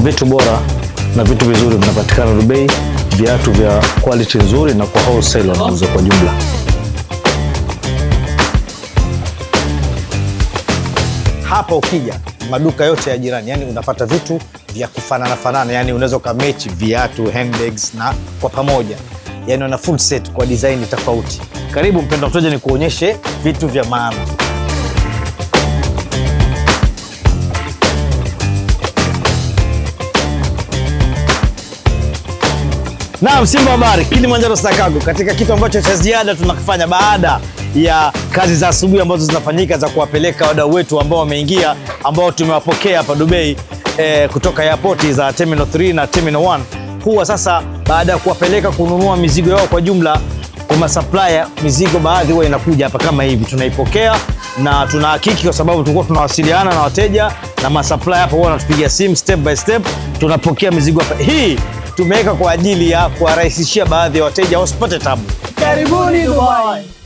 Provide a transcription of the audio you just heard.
vitu bora na vitu vizuri vinapatikana Dubai, viatu vya quality nzuri na kwa wholesale wanauza kwa jumla. Hapa ukija maduka yote ya jirani, yani unapata vitu vya kufanana fanana, yani unaweza ukamechi viatu, handbags na kwa pamoja, yani una full set kwa design tofauti. Karibu mpendwa mteja, ni kuonyeshe vitu vya maana. Naam, Simba habari, Kilimanjaro Sakago, katika kitu ambacho cha ziada tunakifanya baada ya kazi za asubuhi ambazo zinafanyika za kuwapeleka wadau wetu ambao wameingia, ambao tumewapokea hapa Dubai eh, kutoka airport za Terminal 3 na Terminal 1, huwa sasa baada ya kuwapeleka kununua mizigo yao kwa jumla kwa supplier, mizigo baadhi huwa inakuja hapa kama hivi, tunaipokea na tunahakiki kwa sababu tulikuwa tunawasiliana na wateja na masupplier hapa, huwa wanatupigia simu step by step, tunapokea mizigo hapa hii tumeweka kwa ajili ya kuwarahisishia baadhi ya wateja wasipate tabu. Karibuni Dubai.